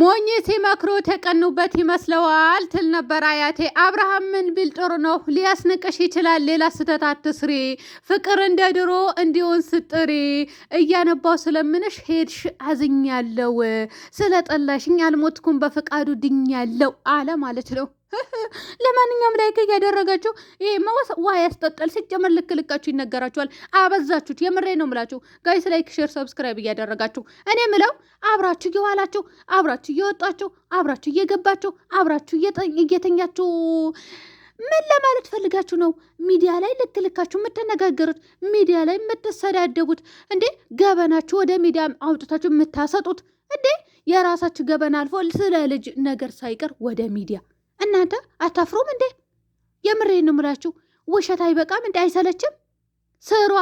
ሞኝ ሲመክሩ ተቀኑበት ይመስለዋል ትል ነበር አያቴ። አብርሃም ምን ቢል ጥሩ ነው? ሊያስንቅሽ ይችላል። ሌላ ስህተት አትስሪ። ፍቅር እንደ ድሮ እንዲሆን ስጥሪ። እያነባው ስለምንሽ ሄድሽ፣ አዝኛለው። ስለጠላሽኝ አልሞትኩም፣ በፈቃዱ ድኛለው አለ ማለት ነው። ለማንኛውም ላይክ እያደረጋችሁ ይሄ ዋ ያስጠጣል። ሲጀመር ልክ ልካችሁ ይነገራችኋል። አበዛችሁት። የምሬ ነው ምላችሁ ጋይስ። ላይክ፣ ሼር፣ ሰብስክራይብ እያደረጋችሁ እኔ ምለው አብራችሁ እየዋላችሁ አብራችሁ እየወጣችሁ አብራችሁ እየገባችሁ አብራችሁ እየተኛችሁ ምን ለማለት ፈልጋችሁ ነው ሚዲያ ላይ ልክ ልካችሁ የምትነጋገሩት? ሚዲያ ላይ የምትሰዳደቡት? እንዴ ገበናችሁ ወደ ሚዲያ አውጥታችሁ የምታሰጡት? እንዴ የራሳችሁ ገበና አልፎ ስለ ልጅ ነገር ሳይቀር ወደ ሚዲያ እናንተ አታፍሩም እንዴ? የምሬን ነው የምላችሁ። ውሸት አይበቃም እንዴ? አይሰለችም? ስሩ፣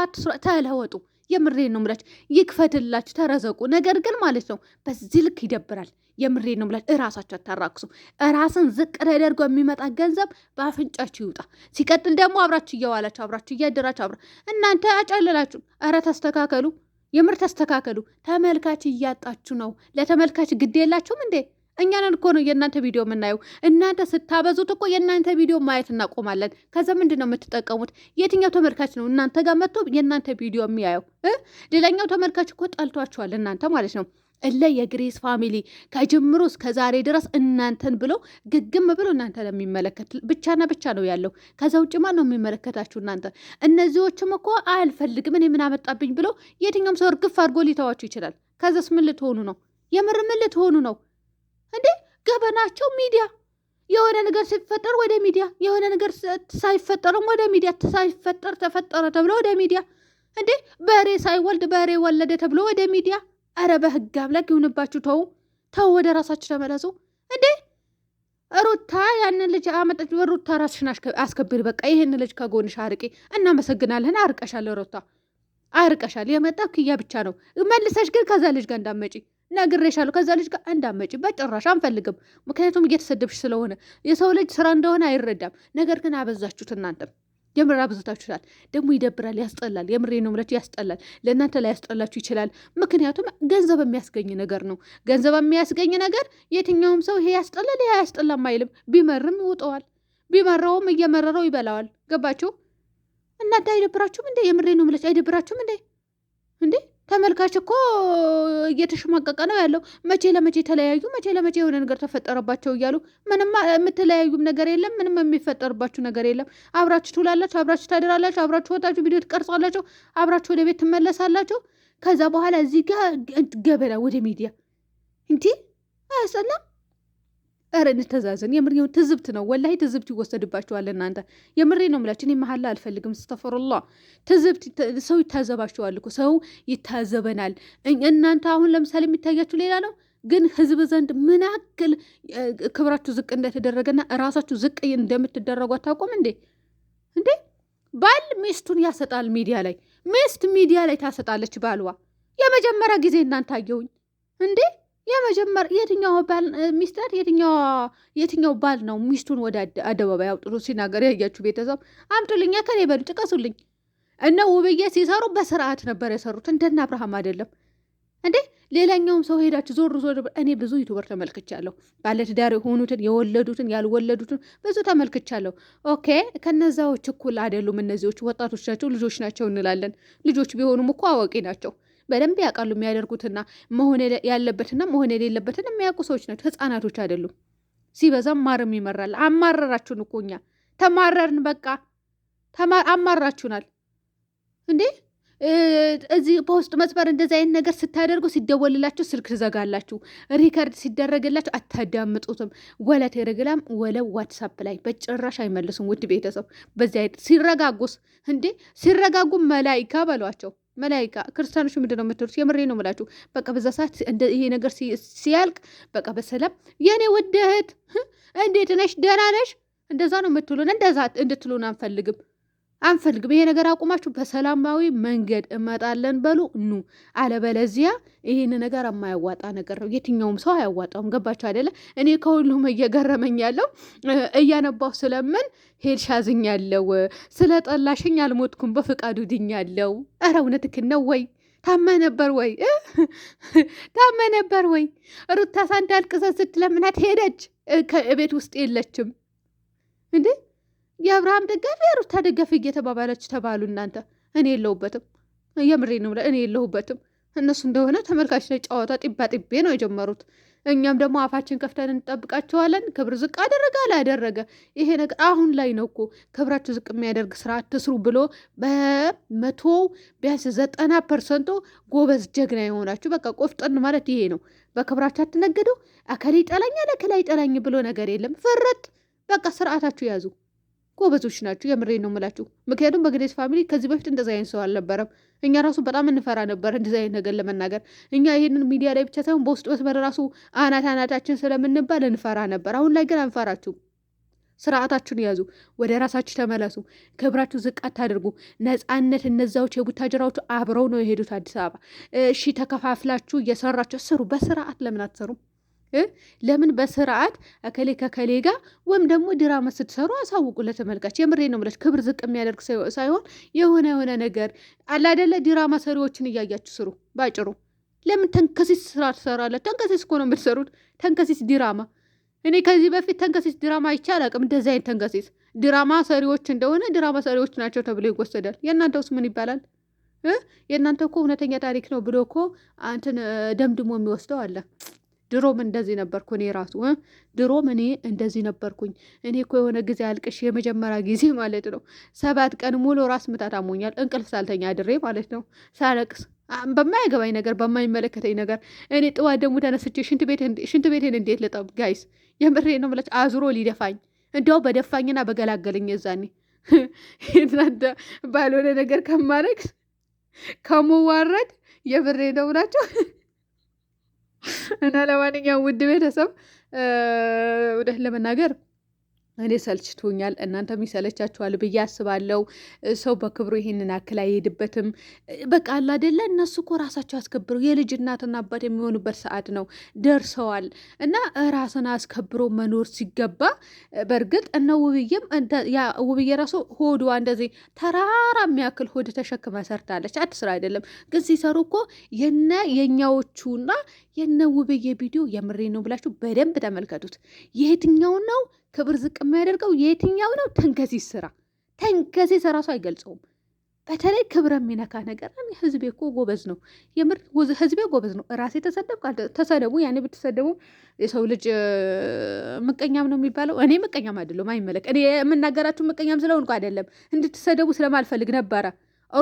ተለወጡ። የምሬን ነው የምላችሁ። ይክፈትላችሁ፣ ተረዘቁ። ነገር ግን ማለት ነው በዚህ ልክ ይደብራል። የምሬ ነው የምላችሁ። እራሳችሁ አታራክሱ። እራስን ዝቅ ተደርጎ የሚመጣ ገንዘብ በአፍንጫችሁ ይውጣ። ሲቀጥል ደግሞ አብራችሁ እየዋላችሁ አብራችሁ እያደራችሁ አብራ እናንተ አጨለላችሁ። እረ ተስተካከሉ፣ የምር ተስተካከሉ። ተመልካች እያጣችሁ ነው። ለተመልካች ግድ የላችሁም እንዴ? እኛንን እኮ ነው የእናንተ ቪዲዮ የምናየው። እናንተ ስታበዙት እኮ የእናንተ ቪዲዮ ማየት እናቆማለን። ከዛ ምንድን ነው የምትጠቀሙት? የትኛው ተመልካች ነው እናንተ ጋር መጥቶ የእናንተ ቪዲዮ የሚያየው? ሌላኛው ተመልካች እኮ ጠልቷቸዋል እናንተ ማለት ነው እለ የግሬስ ፋሚሊ ከጅምሮ እስከ ዛሬ ድረስ እናንተን ብሎ ግግም ብሎ እናንተ የሚመለከት ብቻና ብቻ ነው ያለው። ከዛ ውጭ ማን ነው የሚመለከታችሁ? እናንተ እነዚዎችም እኮ አልፈልግም እኔ ምን አመጣብኝ ብሎ የትኛውም ሰው እርግፍ አድርጎ ሊተዋችሁ ይችላል። ከዛስ ምን ልትሆኑ ነው? የምር ምን ልትሆኑ ነው? ናቸው ሚዲያ የሆነ ነገር ሲፈጠር ወደ ሚዲያ የሆነ ነገር ሳይፈጠርም ወደ ሚዲያ ሳይፈጠር ተፈጠረ ተብሎ ወደ ሚዲያ እንዴ በሬ ሳይወልድ በሬ ወለደ ተብሎ ወደ ሚዲያ አረ በህግ አምላክ ይሁንባችሁ ተው ተው ወደ ራሳችሁ ተመለሱ እንዴ ሩታ ያንን ልጅ አመጠች በሩታ ራስሽን አስከብሪ በቃ ይህን ልጅ ከጎንሽ አርቂ እናመሰግናለን አርቀሻል ሩታ አርቀሻል የመጣ ክያ ብቻ ነው መልሰሽ ግን ከዛ ልጅ ጋር እንዳመጪ ነግሬሻለሁ ከዛ ልጅ ጋር እንዳመጪ በጭራሽ አንፈልግም። ምክንያቱም እየተሰደብሽ ስለሆነ የሰው ልጅ ስራ እንደሆነ አይረዳም። ነገር ግን አበዛችሁት እናንተም የምር አብዝታችሁታል። ደግሞ ይደብራል፣ ያስጠላል። የምሬ ነው የምለችው ያስጠላል። ለእናንተ ላይ ያስጠላችሁ ይችላል። ምክንያቱም ገንዘብ የሚያስገኝ ነገር ነው። ገንዘብ የሚያስገኝ ነገር የትኛውም ሰው ይሄ ያስጠላል፣ ይሄ ያስጠላም አይልም። ቢመርም ይውጠዋል፣ ቢመራውም እየመረረው ይበላዋል። ገባችሁ እናንተ አይደብራችሁም እንዴ? የምሬ ነው አይደብራችሁም እንዴ? እንዴ ተመልካች እኮ እየተሸማቀቀ ነው ያለው። መቼ ለመቼ ተለያዩ፣ መቼ ለመቼ የሆነ ነገር ተፈጠረባቸው እያሉ ምንም የምትለያዩም ነገር የለም፣ ምንም የሚፈጠርባችሁ ነገር የለም። አብራችሁ ትውላላችሁ፣ አብራችሁ ታደራላችሁ፣ አብራችሁ ወጣችሁ ቪዲዮ ትቀርጻላችሁ፣ አብራችሁ ወደ ቤት ትመለሳላችሁ። ከዛ በኋላ እዚህ ጋር ገበና ወደ ሚዲያ እንዲህ አያስጠላም? ኧረ እንተዛዘን። የምር ትዝብት ነው ወላሂ ትዝብት ይወሰድባቸዋል። እናንተ የምሬ ነው የምላችሁ። እኔ መሀላ አልፈልግም። ስተፈሩላ ትዝብት ሰው ይታዘባቸዋል እኮ ሰው ይታዘበናል። እናንተ አሁን ለምሳሌ የሚታያችሁ ሌላ ነው ግን ህዝብ ዘንድ ምን ያክል ክብራችሁ ዝቅ እንደተደረገና ራሳችሁ ዝቅ እንደምትደረጉ አታውቁም እንዴ? እንዴ ባል ሚስቱን ያሰጣል ሚዲያ ላይ ሚስት ሚዲያ ላይ ታሰጣለች ባልዋ። የመጀመሪያ ጊዜ እናንተ አየውኝ እንዴ የመጀመር የትኛው ባል ሚስጠር የትኛው ባል ነው ሚስቱን ወደ አደባባይ አውጥቶ ሲናገር ያያችሁ ቤተሰብ አምጡልኝ፣ ከኔ በሉ ጥቀሱልኝ። እነ ውብዬ ሲሰሩ በስርዓት ነበር የሰሩት፣ እንደና አብርሃም አይደለም እንዴ። ሌላኛውም ሰው ሄዳችሁ ዞር ዞር። እኔ ብዙ ዩቱበር ተመልክቻለሁ፣ ባለትዳር የሆኑትን የወለዱትን፣ ያልወለዱትን ብዙ ተመልክቻለሁ። ኦኬ ከነዛዎች እኩል አይደሉም። እነዚዎች ወጣቶች ናቸው፣ ልጆች ናቸው እንላለን። ልጆች ቢሆኑም እኮ አዋቂ ናቸው። በደንብ ያውቃሉ የሚያደርጉትና መሆን ያለበትና መሆን የሌለበትን የሚያውቁ ሰዎች ናቸው። ህፃናቶች አይደሉም። ሲበዛም ማርም ይመራል። አማረራችሁን እኮ እኛ ተማረርን። በቃ አማራችሁናል እንዴ! እዚህ በውስጥ መስመር እንደዚህ አይነት ነገር ስታደርጉ ሲደወልላችሁ ስልክ ትዘጋላችሁ። ሪከርድ ሲደረግላችሁ አታዳምጡትም። ወለ ቴሌግራም ወለ ዋትሳፕ ላይ በጭራሽ አይመልሱም። ውድ ቤተሰብ በዚህ አይነት ሲረጋጉስ እንዴ! ሲረጋጉ መላይካ በሏቸው። መላይካ ክርስቲያኖች ምንድን ነው የምትሉት? የምሬ ነው የምላችሁ። በቃ በዛ ሰዓት ይሄ ነገር ሲያልቅ በቃ በሰላም የኔ ውድ እህት እንዴት ነሽ? ደህና ነሽ? እንደዛ ነው የምትሉን። እንደዛ እንድትሉን አንፈልግም። አንፈልግም። ይሄ ነገር አቁማችሁ በሰላማዊ መንገድ እመጣለን በሉ ኑ። አለበለዚያ ይህን ነገር የማያዋጣ ነገር ነው። የትኛውም ሰው አያዋጣውም። ገባችሁ አይደለ? እኔ ከሁሉም እየገረመኝ ያለው እያነባሁ ስለምን ሄድሽ አዝኛለሁ፣ ስለ ጠላሽኝ አልሞትኩም፣ በፍቃዱ ድኛለሁ። ኧረ እውነትህን ነው ወይ ታመ ነበር ወይ ታመ ነበር ወይ? ሩታሳ እንዳልቅሰ ስትለምናት ሄደች። ከቤት ውስጥ የለችም እንዴ የአብርሃም ደጋፊ የሩታ ደጋፊ እየተባባለች ተባሉ። እናንተ እኔ የለሁበትም፣ የምሬ ነው። እኔ የለሁበትም። እነሱ እንደሆነ ተመልካች ላይ ጨዋታ ጢባ ጢቤ ነው የጀመሩት። እኛም ደግሞ አፋችን ከፍተን እንጠብቃቸዋለን። ክብር ዝቅ አደረገ አላደረገ ይሄ ነገር አሁን ላይ ነው እኮ ክብራችሁ ዝቅ የሚያደርግ ስራ አትስሩ ብሎ በመቶ ቢያንስ ዘጠና ፐርሰንቶ ጎበዝ ጀግና የሆናችሁ በቃ ቆፍጠን ማለት ይሄ ነው። በክብራችሁ አትነግዱ። አከላይ ጠላኝ አለ ጠላኝ ብሎ ነገር የለም። ፍርጥ በቃ ስርዓታችሁ ያዙ። ጎበዞች ናቸው የምሬ ነው ምላችሁ። ምክንያቱም በግዴስ ፋሚሊ ከዚህ በፊት እንደዚ አይነት ሰው አልነበረም። እኛ ራሱ በጣም እንፈራ ነበር እንደዚ አይነት ነገር ለመናገር። እኛ ይህንን ሚዲያ ላይ ብቻ ሳይሆን በውስጥ መስመር ራሱ አናት አናታችን ስለምንባል እንፈራ ነበር። አሁን ላይ ግን አንፈራችሁ። ስርዓታችሁን ያዙ። ወደ ራሳችሁ ተመለሱ። ክብራችሁ ዝቅ አታድርጉ። ነፃነት እነዛዎች የቡታጀራዎቹ አብረው ነው የሄዱት አዲስ አበባ። እሺ ተከፋፍላችሁ እየሰራችሁ ስሩ። በስርዓት ለምን አትሰሩም? ለምን በስርዓት እከሌ ከከሌ ጋር ወይም ደግሞ ድራማ ስትሰሩ አሳውቁ ለተመልካች። የምሬ ነው ብለች ክብር ዝቅ የሚያደርግ ሳይሆን የሆነ የሆነ ነገር አላደለ ድራማ ሰሪዎችን እያያችሁ ስሩ ባጭሩ። ለምን ተንከሲስ ስራ ትሰራለች? ተንከሲስ እኮ ነው የምትሰሩት። ተንከሲስ ድራማ እኔ ከዚህ በፊት ተንከሲስ ድራማ አይቼ አላውቅም። እንደዚህ አይነት ተንከሲስ ድራማ ሰሪዎች እንደሆነ ድራማ ሰሪዎች ናቸው ተብሎ ይወሰዳል። የእናንተ ውስጥ ምን ይባላል? የእናንተ እኮ እውነተኛ ታሪክ ነው ብሎ እኮ አንትን ደምድሞ የሚወስደው አለ። ድሮም እንደዚህ ነበርኩ እኔ ራሱ ድሮም እኔ እንደዚህ ነበርኩኝ። እኔ እኮ የሆነ ጊዜ አልቅሽ የመጀመሪያ ጊዜ ማለት ነው ሰባት ቀን ሙሉ ራስ ምታት አሞኛል። እንቅልፍ ሳልተኛ ድሬ ማለት ነው ሳለቅስ በማይገባኝ ነገር በማይመለከተኝ ነገር እኔ ጥዋት ደግሞ ተነስቼ ሽንት ቤቴን እንዴት ልጠብ? ጋይስ የምሬ ነው ብለች አዙሮ ሊደፋኝ እንዲያው በደፋኝና በገላገለኝ የዛኔ እናንተ ባልሆነ ነገር ከማረግ ከመዋረድ የምሬ ነው ብላቸው። እና ለማንኛውም ውድ ቤተሰብ እውነት ለመናገር እኔ ሰልችቶኛል፣ እናንተም ይሰለቻችኋል ብዬ አስባለሁ። ሰው በክብሩ ይህንን አክል አይሄድበትም። በቃ አላ አደለ። እነሱ እኮ ራሳቸው አስከብረው የልጅ እናትና አባት የሚሆኑበት ሰዓት ነው ደርሰዋል። እና ራስን አስከብሮ መኖር ሲገባ በእርግጥ እነ ውብዬም ውብዬ ራሱ ሆዷ እንደዚህ ተራራ የሚያክል ሆድ ተሸክማ ሰርታለች። አዲስ ስራ አይደለም፣ ግን ሲሰሩ እኮ የነ የኛዎቹና የነ ውብዬ ቪዲዮ የምሬ ነው ብላችሁ በደንብ ተመልከቱት። የትኛው ነው ክብር ዝቅ የሚያደርገው የትኛው ነው? ተንከሴ ስራ ተንከሲስ ራሱ አይገልጸውም። በተለይ ክብር የሚነካ ነገር ህዝቤ እኮ ጎበዝ ነው፣ የምር ህዝቤ ጎበዝ ነው። ራሴ ተሰደብ ተሰደቡ፣ ያኔ ብትሰደቡ የሰው ልጅ ምቀኛም ነው የሚባለው። እኔ ምቀኛም አይደለም፣ አይመለክ እኔ የምናገራችሁ ምቀኛም ስለሆንኩ አይደለም፣ እንድትሰደቡ ስለማልፈልግ ነበረ።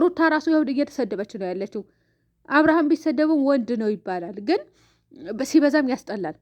ሩታ ራሱ ያው እየተሰደበች ነው ያለችው። አብርሃም ቢሰደቡም ወንድ ነው ይባላል፣ ግን ሲበዛም ያስጠላል።